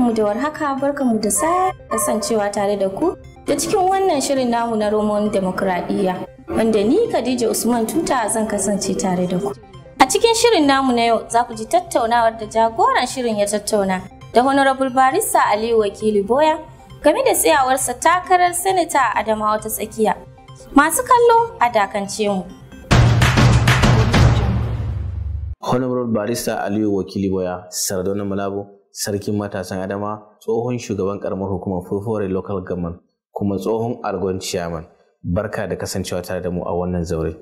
mu da warhaka mu da sa kasancewa tare da ku da cikin wannan shirin namu na roman demokradiyya wanda ni Khadija Usman Tuta zan kasance tare da ku. A cikin shirin namu na yau za ku ji tattaunawar da jagoran shirin ya tattauna da Honorable Barista Aliyu Wakili Boya game da tsayawarsa takarar Sanata Adamawa ta tsakiya. Masu kallo a dakance mu. Honorable Barista Aliyu Wakili Boya, Sardaunar Malabo, sarkin matasan adama tsohon shugaban karamar hukumar fulfore local government kuma tsohon argon chairman barka da kasancewa tare da mu a wannan zaure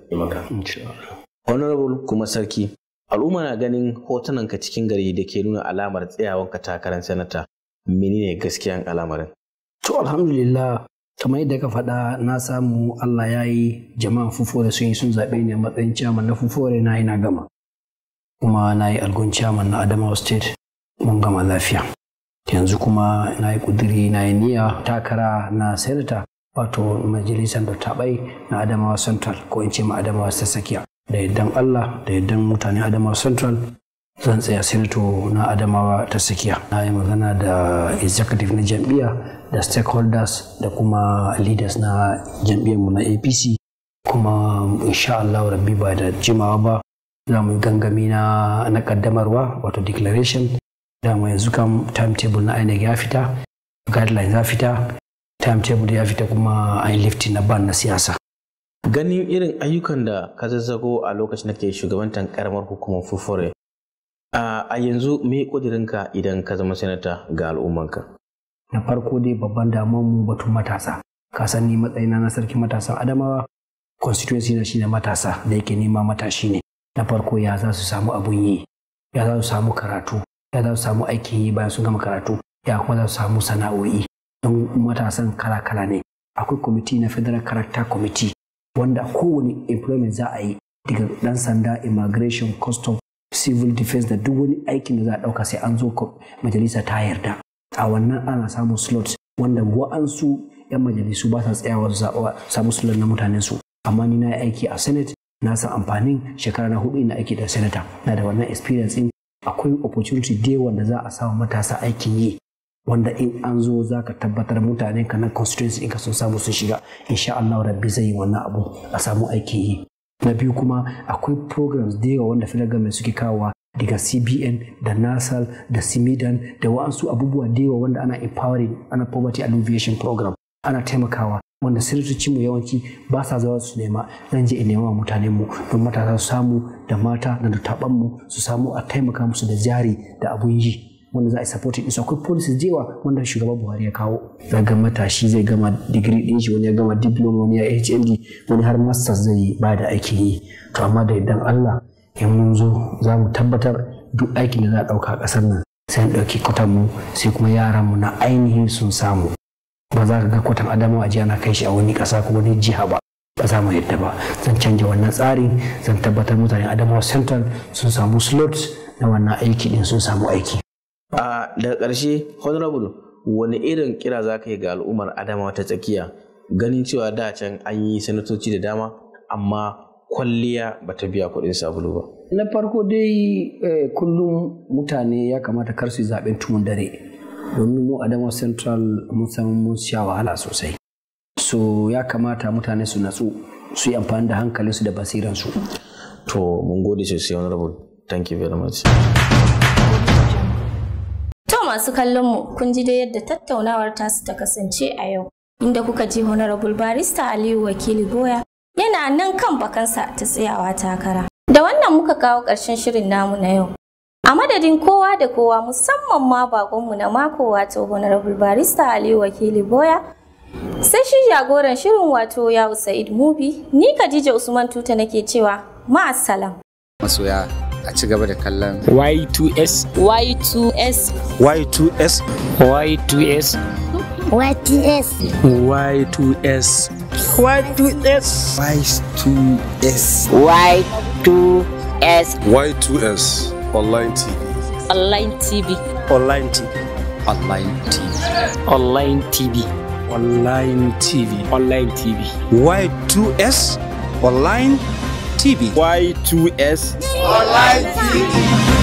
honorable kuma sarki al'umma na ganin hotunan ka cikin gari da ke nuna alamar tsayawan ka takarar sanata menene gaskiyan al'amarin to alhamdulillah kamar yadda ka faɗa na samu Allah ya yi jama'a fufore sun yi sun zaɓe ni a matsayin chairman na fufore na yi na gama kuma na yi algon chairman na Adamawa state mun gama lafiya yanzu kuma na yi ƙuduri na yi niyya takara na senata wato majalisar taɓai na adamawa central ko in ce ma adamawa ta sakiya da yardan allah da yardan mutane adamawa central zan tsaya senato na adamawa ta tsakiya na yi magana da executive na jam'iyya da stakeholders da kuma leaders na jam'iyyar mu na apc kuma insha allah rabbi ba da jimawa ba za mu yi gangami na kaddamarwa wato declaration dama yanzu kam timetable na INEC ya fita guidelines ya fita timetable ya fita kuma an lifting na ban na siyasa ganin irin ayyukan da ka zazzago a lokacin da ke shugabantar karamar hukumar fufure a yanzu me ka idan ka zama sanata ga al'ummanka na farko dai babban damar mu batun matasa ka san ni matsayina na sarki matasa, adamawa constituency na shine matasa da yake nema matashi ne na farko ya za su samu abun yi ya za su samu karatu ya za su samu aikin yi bayan sun gama karatu ya kuma za su samu sana'o'i don matasan kala-kala ne akwai kwamiti na federal character committee wanda kowane employment za a yi daga dan sanda immigration custom civil defense da duk wani aikin da za a ɗauka sai an zo majalisa ta yarda a wannan ana samun slot wanda wa'ansu 'yan majalisu ba sa tsayawa su samu slot na mutanen su amma ni na yi aiki a senate na san amfanin shekara na hudu ina aiki da senator na da wannan experience din akwai opportunity da wanda za a samu matasa aikin yi wanda in an zo za ka tabbatar mutane ka na constituency in ka sun samu sun shiga insha Allah rabbi zai yi wannan abu a samu aikin yi na biyu kuma akwai programs da yawa wanda federal government suke kawowa daga cbn da nasal da simidan e da wa'ansu abubuwa da yawa wanda ana empowering ana poverty alleviation program ana taimakawa wanda ci mu yawanci ba sa zuwa su nema zan je in nema mutanen mu don matasa su samu da mata da dutaban mu su samu a taimaka musu da jari da abun yi wanda za a supporting din su akwai policies jewa wanda shugaba Buhari ya kawo daga matashi zai gama digiri din shi wani ya gama diploma wani ya HND wani har masters zai ba da aiki yi to amma da idan Allah in mun zo za mu tabbatar duk aikin da za a ɗauka a ƙasar nan sai an ɗauki mu sai kuma yaran mu na ainihin sun samu ba za ka ga kwatan Adamu a na kai shi a wani ƙasa ko wani jiha ba ba za mu yadda ba zan canja wannan tsari zan tabbatar mutanen Adamu. central sun samu slot na wannan aiki din sun samu aiki. a daga ƙarshe honorable wani irin kira za ka yi ga al'ummar adamawa ta tsakiya ganin cewa da can an yi sanatoci da dama amma kwalliya ba ta biya kuɗin sabulu ba. na farko dai eh, kullum mutane ya kamata kar su zaɓen tumun dare domin mu adama central mun san mun sha wahala sosai so ya kamata mutane su natsu su yi amfani da su da basiransu to mun gode sosai wani thank you very much to masu kallon mu kun ji da yadda tattaunawar tasu ta kasance a yau inda kuka ji honorable barista aliyu wakili goya yana nan kan bakansa ta tsayawa takara da wannan muka kawo ƙarshen shirin namu na yau A madadin kowa da kowa musamman ma bakonmu na mako wato Honorable Barista Aliyu Wakili Boya, sai shi jagoran shirin wato ya Sa'id Mubi, ni Khadija Usman Tuta nake cewa ma'asalam. Masoya a ci gaba da kallon Y2S. Y2S Y2S Y2S Y2S Y2S Y2S Y2S Y2S Y2S Y2S Online TV. Online TV. Online TV. Online TV. Online TV. Online TV. Online TV. Y2S. Online TV. Y2S. Online TV.